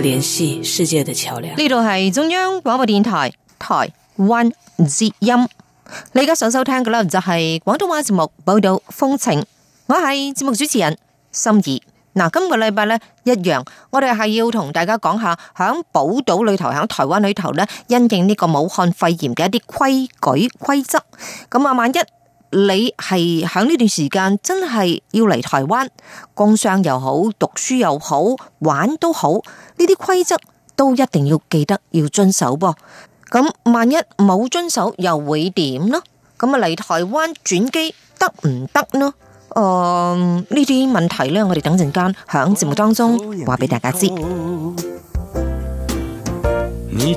聯繫世界的橋樑。呢度係中央廣播電台台灣之音，你而家想收聽嘅咧就係廣東話節目《寶島風情》，我係節目主持人心儀。嗱，今個禮拜咧一樣，我哋係要同大家講下響寶島裏頭、響台灣裏頭咧，因應呢個武漢肺炎嘅一啲規矩規則。咁啊，萬一。你係喺呢段時間真係要嚟台灣，工商又好，讀書又好，玩都好，呢啲規則都一定要記得要遵守噃。咁萬一冇遵守又會點呢？咁啊嚟台灣轉機得唔得呢？誒、呃，呢啲問題呢，我哋等陣間響節目當中話俾大家知。別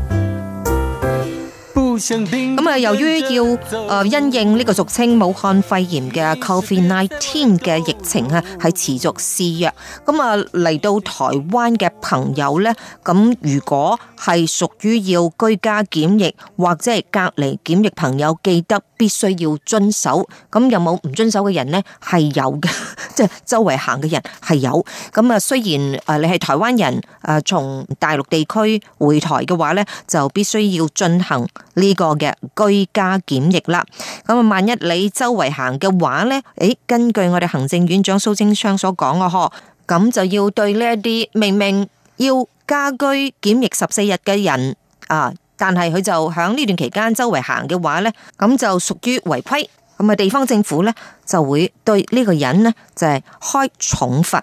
咁啊，由於要啊因應呢個俗稱武漢肺炎嘅 COVID-19 嘅疫情啊，係持續肆虐。咁啊，嚟到台灣嘅朋友呢，咁如果係屬於要居家檢疫或者係隔離檢疫朋友，記得必須要遵守。咁有冇唔遵守嘅人呢？係有嘅，即係周圍行嘅人係有。咁啊，雖然誒你係台灣人，誒從大陸地區回台嘅話呢，就必須要進行呢。呢、個嘅居家檢疫啦，咁啊，萬一你周圍行嘅話呢，誒，根據我哋行政院長蘇貞昌所講嘅嗬，咁就要對呢一啲明明要家居檢疫十四日嘅人啊，但係佢就響呢段期間周圍行嘅話呢，咁就屬於違規，咁啊，地方政府呢就會對呢個人呢，就係開重罰，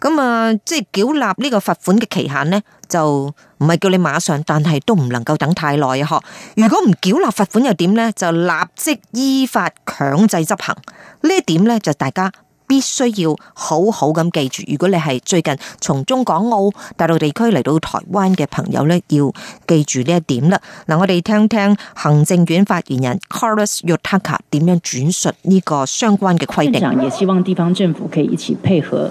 咁啊，即係繳納呢個罰款嘅期限呢。就唔係叫你馬上，但係都唔能夠等太耐啊！呵，如果唔繳納罰款又點咧？就立即依法強制執行呢一點咧，就大家必須要好好咁記住。如果你係最近從中港澳大陸地區嚟到台灣嘅朋友咧，要記住呢一點啦。嗱，我哋聽聽行政院發言人 Kolas Yotaka 點樣轉述呢個相關嘅規定。院長也希望地方政府可以一起配合。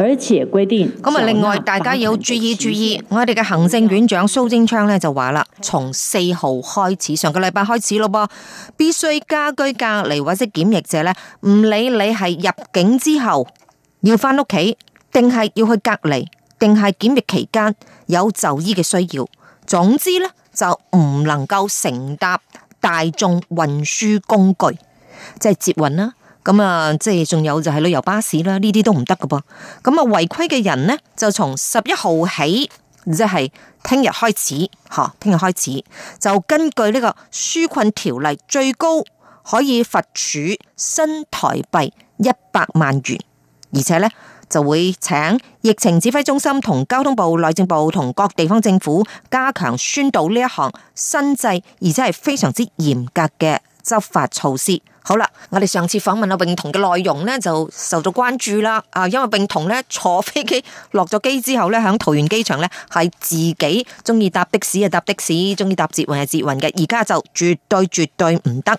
而且規定咁啊！另外，大家要注意注意，我哋嘅行政院長蘇貞昌咧就話啦，從四號開始，上個禮拜開始咯噃，必須家居隔離或者檢疫者咧，唔理你係入境之後要翻屋企，定係要去隔離，定係檢疫期間有就醫嘅需要，總之咧就唔能夠乘搭大眾運輸工具，即係捷運啦。咁啊，即係仲有就係旅遊巴士啦，呢啲都唔得噶噃。咁啊，違規嘅人呢，就從十一號起，即係聽日開始，吓聽日開始就根據呢個紓困條例，最高可以罰處新台幣一百萬元，而且呢，就會請疫情指揮中心同交通部、內政部同各地方政府加強宣導呢一項新制，而且係非常之嚴格嘅執法措施。好啦，我哋上次訪問阿泳同嘅內容咧，就受咗關注啦。啊，因為泳同咧坐飛機落咗機之後咧，喺桃園機場咧係自己中意搭的士啊，搭的士，中意搭捷運係捷運嘅。而家就絕對絕對唔得。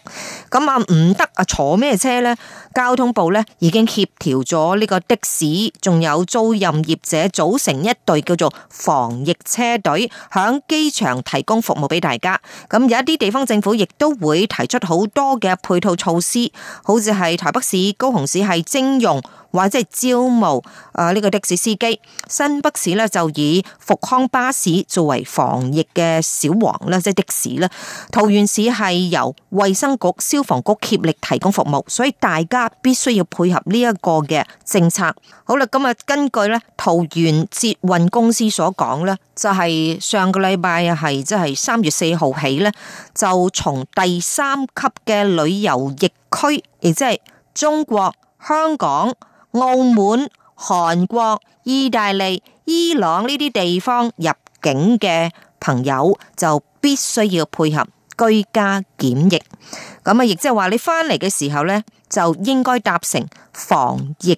咁啊唔得啊坐咩車咧？交通部咧已經協調咗呢個的士，仲有租賃業者組成一隊叫做防疫車隊，響機場提供服務俾大家。咁、嗯、有一啲地方政府亦都會提出好多嘅配套措。司好似係台北市、高雄市係徵用或者係招募誒呢個的士司機，新北市呢，就以復康巴士作為防疫嘅小黃啦，即係的士啦。桃園市係由衛生局、消防局協力提供服務，所以大家必須要配合呢一個嘅政策。好啦，咁啊，根據咧桃園捷運公司所講咧，就係上個禮拜，啊係即係三月四號起咧，就從第三級嘅旅遊疫區，亦即係中國、香港、澳門、韓國、意大利、伊朗呢啲地方入境嘅朋友，就必須要配合居家檢疫。咁啊，亦即係話你翻嚟嘅時候咧，就應該搭乘防疫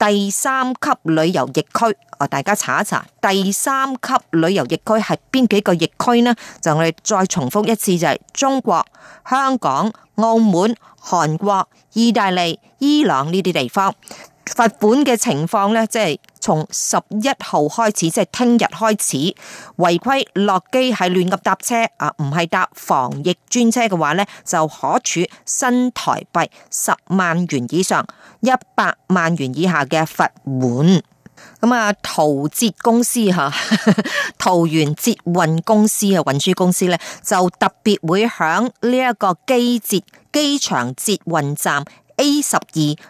第三級旅遊疫區，大家查一查。第三級旅遊疫區係邊幾個疫區呢？就我哋再重複一次，就係、是、中國、香港、澳門、韓國、意大利、伊朗呢啲地方。罰款嘅情況呢，即係。從十一號開始，即係聽日開始，違規落機係亂咁搭車啊，唔係搭防疫專車嘅話呢就可處新台幣十萬元以上、一百萬元以下嘅罰款。咁啊，桃捷公司吓，桃園捷運公司啊，運輸公司呢就特別會響呢一個機捷機場捷運站。A 十二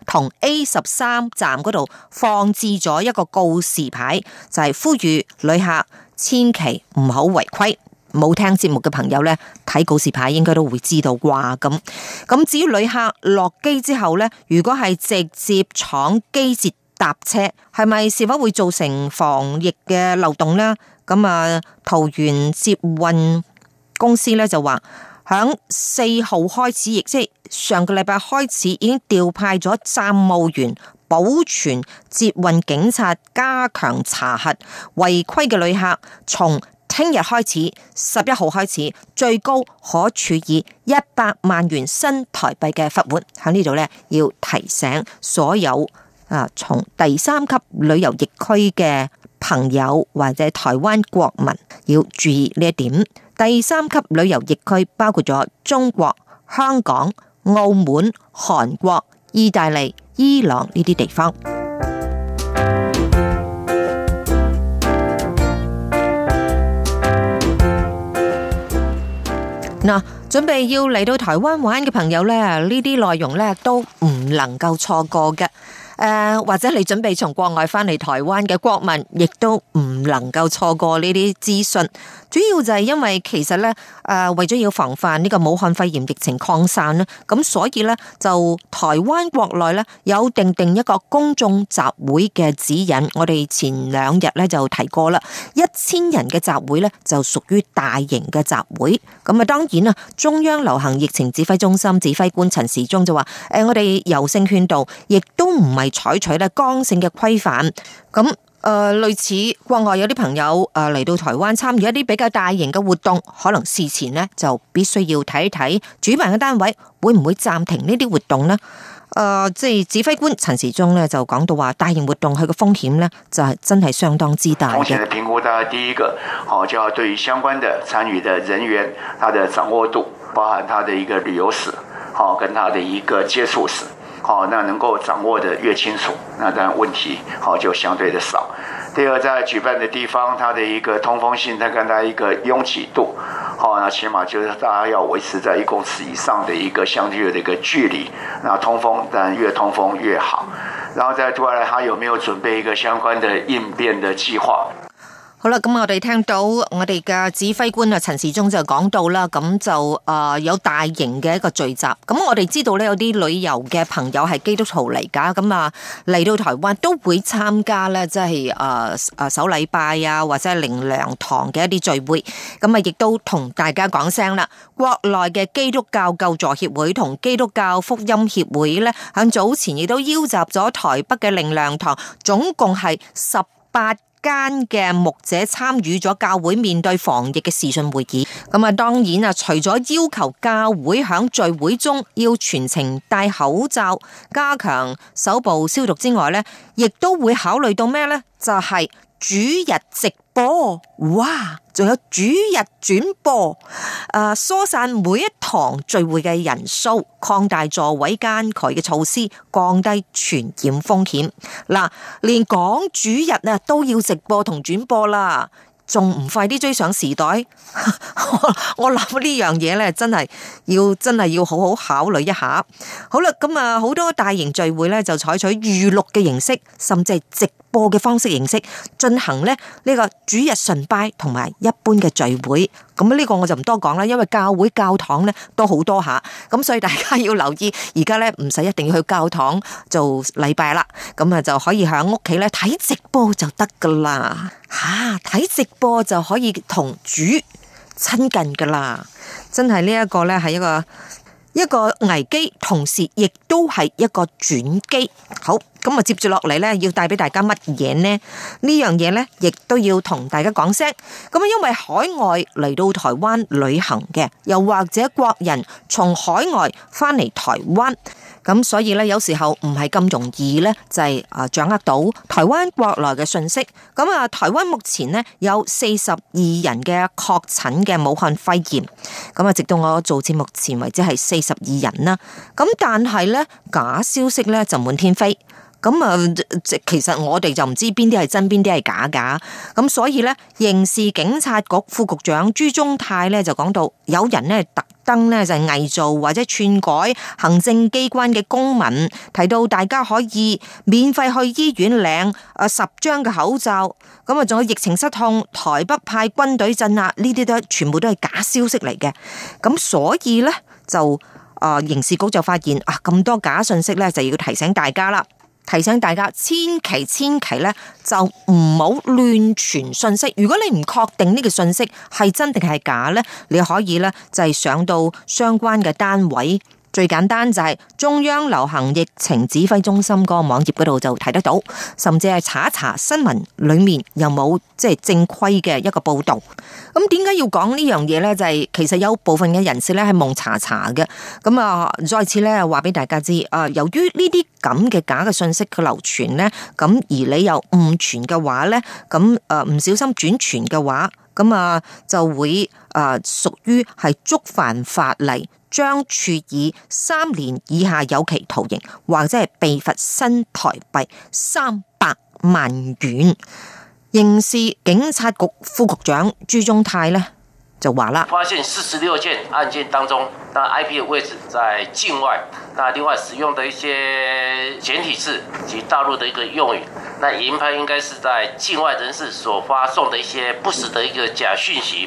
同 A 十三站嗰度放置咗一個告示牌，就係、是、呼籲旅客千祈唔好違規。冇聽節目嘅朋友呢，睇告示牌應該都會知道啩。咁咁至於旅客落機之後呢，如果係直接闖機捷搭車，係咪是否會造成防疫嘅漏洞呢？咁啊，桃園捷運公司呢就話。響四號開始，亦即上個禮拜開始，已經調派咗站務員、保全、捷運警察加強查核違規嘅旅客。從聽日開始，十一號開始，最高可處以一百萬元新台幣嘅罰款。喺呢度咧，要提醒所有啊，從第三級旅遊疫區嘅。朋友或者台灣國民要注意呢一點。第三級旅遊疫區包括咗中國、香港、澳門、韓國、意大利、伊朗呢啲地方。嗱，準備要嚟到台灣玩嘅朋友呢，呢啲內容呢都唔能夠錯過嘅。誒、呃，或者你準備從國外翻嚟台灣嘅國民，亦都唔能夠錯過呢啲資訊。主要就係因為其實呢，誒、呃、為咗要防範呢個武漢肺炎疫情擴散，咁所以呢，就台灣國內呢，有訂定一個公眾集會嘅指引。我哋前兩日呢就提過啦，一千人嘅集會呢就屬於大型嘅集會。咁啊，當然啦，中央流行疫情指揮中心指揮官陳時中就話，誒、呃，我哋柔性勸導，亦都唔係。採取咧剛性嘅規範，咁誒、呃、類似國外有啲朋友誒嚟、呃、到台灣參與一啲比較大型嘅活動，可能事前呢就必須要睇一睇主辦嘅單位會唔會暫停呢啲活動呢誒，即、呃、係指揮官陳時中呢就講到話，大型活動佢嘅風險呢就係真係相當之大嘅。風險評估，大家第一個，好就要對於相關嘅參與嘅人員，他的掌握度，包含他的一個旅遊史，好跟他的一個接觸史。好、哦，那能夠掌握的越清楚，那當然問題好、哦、就相對的少。第二，在舉辦的地方，它的一個通風性，再跟它一個擁擠度，好、哦，那起碼就是大家要維持在一公尺以上的一個相對的一個距離。那通風，當然越通風越好。然後再過來，他有沒有準備一個相關的應變的計劃？好啦，咁我哋聽到我哋嘅指揮官啊，陳時中就講到啦，咁就誒有大型嘅一個聚集。咁我哋知道呢，有啲旅遊嘅朋友係基督徒嚟噶，咁啊嚟到台灣都會參加呢，即係誒誒守禮拜啊，或者係靈糧堂嘅一啲聚會。咁啊，亦都同大家講聲啦，國內嘅基督教救助協會同基督教福音協會呢，喺早前亦都邀集咗台北嘅靈糧堂，總共係十八。間嘅牧者參與咗教會面對防疫嘅視訊會議，咁啊，當然啊，除咗要求教會響聚會中要全程戴口罩、加強手部消毒之外咧，亦都會考慮到咩咧？就係、是、主日直播，哇！仲有主日轉播，誒、呃，疏散每一堂聚會嘅人數，擴大座位間距嘅措施，降低傳染風險。嗱、啊，連講主日啊都要直播同轉播啦，仲唔快啲追上時代？ 我諗呢樣嘢咧，真係要真係要好好考慮一下。好啦，咁啊，好多大型聚會咧就採取預錄嘅形式，甚至係直。播嘅方式形式進行咧，呢個主日崇拜同埋一般嘅聚會，咁呢個我就唔多講啦，因為教會教堂咧都好多下，咁所以大家要留意，而家咧唔使一定要去教堂做禮拜啦，咁啊就可以喺屋企咧睇直播就得噶啦，吓，睇直播就可以同、啊、主親近噶啦，真係呢一個咧係一個一個危機，同時亦都係一個轉機。好。咁啊，接住落嚟咧，要帶俾大家乜嘢呢？呢樣嘢咧，亦都要同大家講聲。咁啊，因為海外嚟到台灣旅行嘅，又或者國人從海外翻嚟台灣，咁所以咧，有時候唔係咁容易咧，就係啊掌握到台灣國內嘅信息。咁啊，台灣目前咧有四十二人嘅確診嘅武漢肺炎。咁啊，直到我做節目前為止係四十二人啦。咁但係咧，假消息咧就滿天飛。咁啊，其實我哋就唔知邊啲係真，邊啲係假噶。咁所以咧，刑事警察局副局長朱宗泰咧就講到，有人咧特登咧就係偽造或者篡改行政機關嘅公文，提到大家可以免費去醫院領啊十張嘅口罩。咁啊，仲有疫情失控，台北派軍隊鎮壓呢啲都全部都係假消息嚟嘅。咁所以咧就啊、呃，刑事局就發現啊咁多假信息咧，就要提醒大家啦。提醒大家，千祈千祈咧，就唔好亂傳信息。如果你唔確定呢個信息係真定係假咧，你可以咧就係上到相關嘅單位。最簡單就係中央流行疫情指揮中心個網頁嗰度就睇得到，甚至係查一查新聞裏面有冇即係正規嘅一個報道。咁點解要講呢樣嘢呢？就係、是、其實有部分嘅人士咧係蒙查查嘅。咁啊，再次咧話俾大家知，啊由於呢啲咁嘅假嘅信息嘅流傳呢，咁而你又誤傳嘅話呢，咁誒唔小心轉傳嘅話。咁啊，就會誒屬於係觸犯法例，將處以三年以下有期徒刑，或者係被罰新台幣三百萬元。刑事警察局副局長朱宗泰呢。就話啦，發現四十六件案件當中，那 IP 的位置在境外，那另外使用的一些簡體字及大陸的一個用語，那研判應該是在境外人士所發送的一些不實的一個假訊息。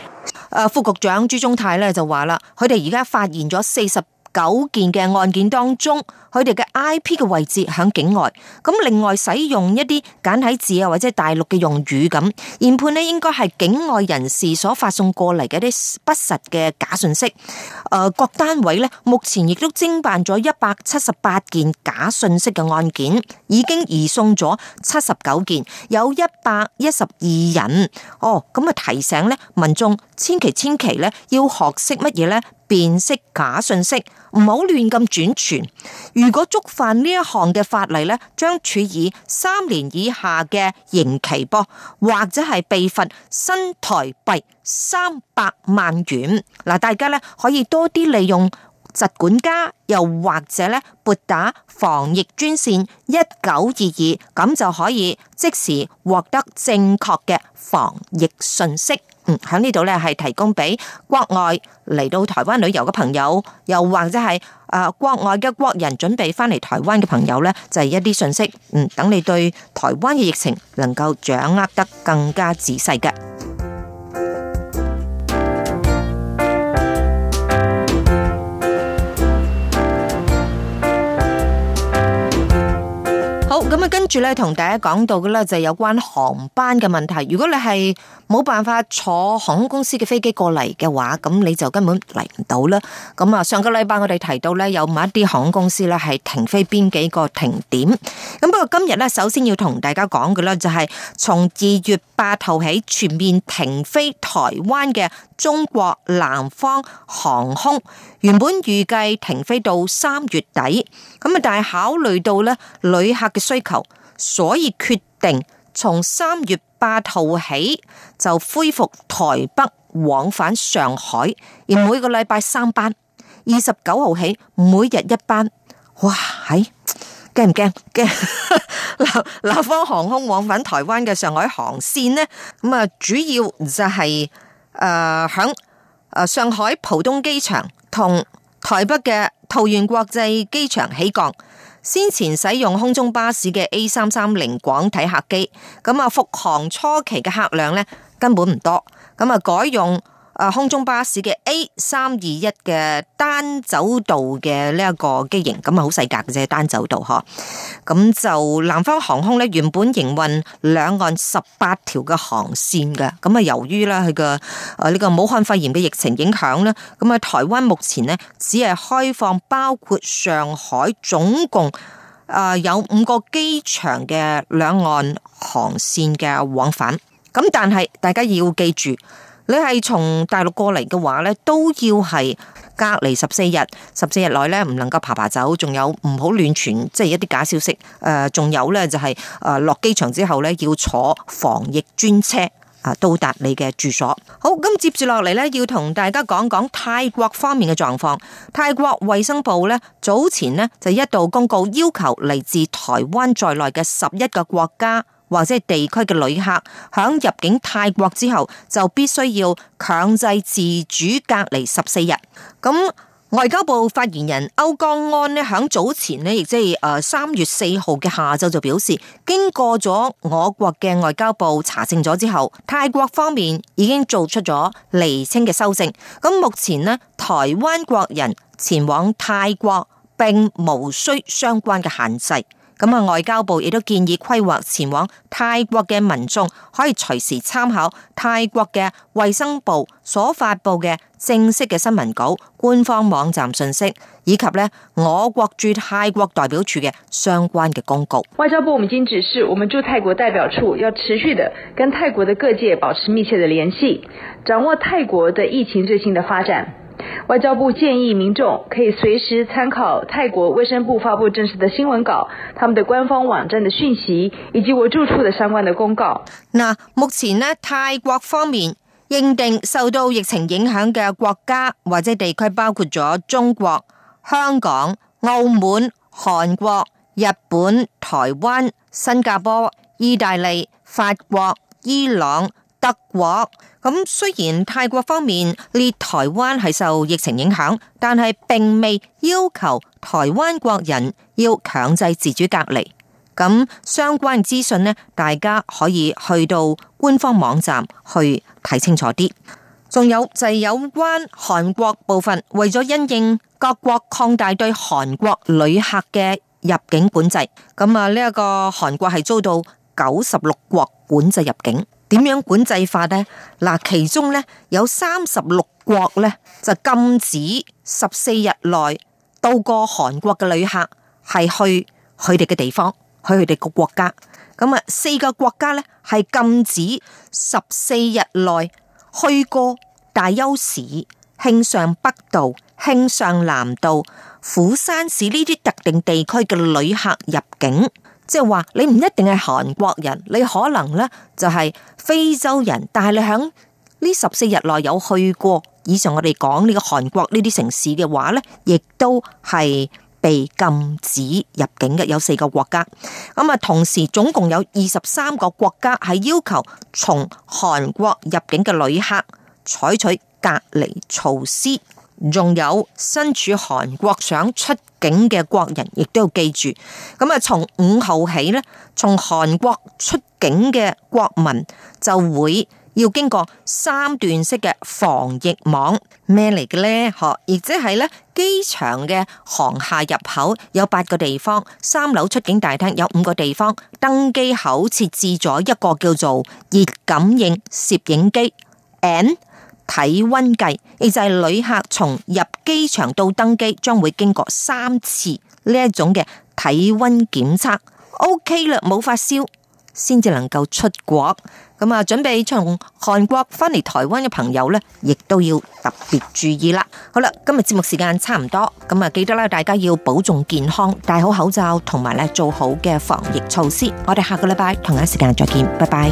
誒，副局長朱宗泰呢，就話啦，佢哋而家發現咗四十。九件嘅案件當中，佢哋嘅 IP 嘅位置響境外，咁另外使用一啲簡體字啊，或者大陸嘅用語咁，研判咧應該係境外人士所發送過嚟嘅一啲不實嘅假信息。呃，各單位咧目前亦都偵辦咗一百七十八件假信息嘅案件，已經移送咗七十九件，有一百一十二人。哦，咁啊提醒咧民眾，千祈千祈咧要學識乜嘢咧？辨識假信息，唔好亂咁轉傳。如果觸犯呢一項嘅法例呢將處以三年以下嘅刑期噃，或者係被罰新台幣三百萬元。嗱，大家呢可以多啲利用疾管家，又或者呢撥打防疫專線一九二二，咁就可以即時獲得正確嘅防疫信息。嗯，喺呢度咧，係提供俾國外嚟到台灣旅遊嘅朋友，又或者係誒國外嘅國人準備翻嚟台灣嘅朋友咧，就係一啲訊息，嗯，等你對台灣嘅疫情能夠掌握得更加仔細嘅。咁啊，跟住咧同大家講到嘅咧就係有關航班嘅問題。如果你係冇辦法坐航空公司嘅飛機過嚟嘅話，咁你就根本嚟唔到啦。咁啊，上個禮拜我哋提到咧有某一啲航空公司咧係停飛邊幾個停點。咁不過今日咧，首先要同大家講嘅咧就係從二月八號起全面停飛台灣嘅中國南方航空。原本預計停飛到三月底，咁啊，但係考慮到咧旅客嘅需求，所以決定從三月八號起就恢復台北往返上海，而每個禮拜三班，二十九號起每日一班。哇，係驚唔驚？驚！南 方航空往返台灣嘅上海航線呢，咁啊，主要就係誒響。呃上海浦東機場同台北嘅桃園國際機場起降，先前使用空中巴士嘅 A 三三零廣體客機，咁啊復航初期嘅客量咧根本唔多，咁啊改用。啊，空中巴士嘅 A321 嘅單走道嘅呢一個機型，咁啊好細格嘅啫，單走道嗬。咁就南方航空咧，原本營運兩岸十八條嘅航線嘅，咁啊由於咧佢個誒呢個武漢肺炎嘅疫情影響咧，咁啊台灣目前呢，只係開放包括上海，總共啊有五個機場嘅兩岸航線嘅往返。咁但係大家要記住。你係從大陸過嚟嘅話咧，都要係隔離十四日，十四日內咧唔能夠爬爬走，仲有唔好亂傳，即係一啲假消息。誒，仲有咧就係誒落機場之後咧要坐防疫專車啊，到達你嘅住所。好，咁接住落嚟咧要同大家講講泰國方面嘅狀況。泰國衛生部咧早前呢，就一度公告，要求嚟自台灣在內嘅十一個國家。或者地區嘅旅客，響入境泰國之後，就必須要強制自主隔離十四日。咁外交部發言人歐江安呢，響早前呢，亦即係誒三月四號嘅下晝就表示，經過咗我國嘅外交部查證咗之後，泰國方面已經做出咗釐清嘅修正。咁目前呢，台灣國人前往泰國並無需相關嘅限制。咁啊，外交部亦都建議規劃前往泰國嘅民眾可以隨時參考泰國嘅衛生部所發佈嘅正式嘅新聞稿、官方網站信息，以及咧我國駐泰國代表處嘅相關嘅公告。外交部已經指示，我們駐泰國代表處要持續的跟泰國嘅各界保持密切嘅聯繫，掌握泰國嘅疫情最新嘅發展。外交部建議民眾可以隨時參考泰國衛生部發布正式的新聞稿、他們的官方網站的訊息，以及我住處的相關的公告。嗱，目前呢，泰國方面認定受到疫情影響嘅國家或者地區，包括咗中國、香港、澳門、韓國、日本、台灣、新加坡、意大利、法國、伊朗、德國。咁雖然泰國方面列台灣係受疫情影響，但係並未要求台灣國人要強制自主隔離。咁相關資訊呢，大家可以去到官方網站去睇清楚啲。仲有就係有關韓國部分，為咗因應各國擴大對韓國旅客嘅入境管制，咁啊呢一個韓國係遭到九十六國管制入境。點樣管制法呢？嗱，其中呢，有三十六國呢，就禁止十四日內到過韓國嘅旅客係去佢哋嘅地方，去佢哋個國家。咁啊，四個國家呢，係禁止十四日內去過大邱市、慶尚北道、慶尚南道、釜山市呢啲特定地區嘅旅客入境。即係話，你唔一定係韓國人，你可能咧就係非洲人，但係你喺呢十四日內有去過以上我哋講呢個韓國呢啲城市嘅話咧，亦都係被禁止入境嘅。有四個國家，咁啊，同時總共有二十三個國家係要求從韓國入境嘅旅客採取隔離措施，仲有身處韓國想出。警嘅國人亦都要記住，咁啊，從五號起呢，從韓國出境嘅國民就會要經過三段式嘅防疫網。咩嚟嘅呢？嗬，亦即係呢，機場嘅航廈入口有八個地方，三樓出境大廳有五個地方，登機口設置咗一個叫做熱感應攝影機。N 體溫計，亦就係旅客從入機場到登機，將會經過三次呢一種嘅體溫檢測。OK 啦，冇發燒，先至能夠出國。咁啊，準備從韓國翻嚟台灣嘅朋友呢，亦都要特別注意啦。好啦，今日節目時間差唔多，咁啊，記得啦，大家要保重健康，戴好口罩，同埋咧做好嘅防疫措施。我哋下個禮拜同一時間再見，拜拜。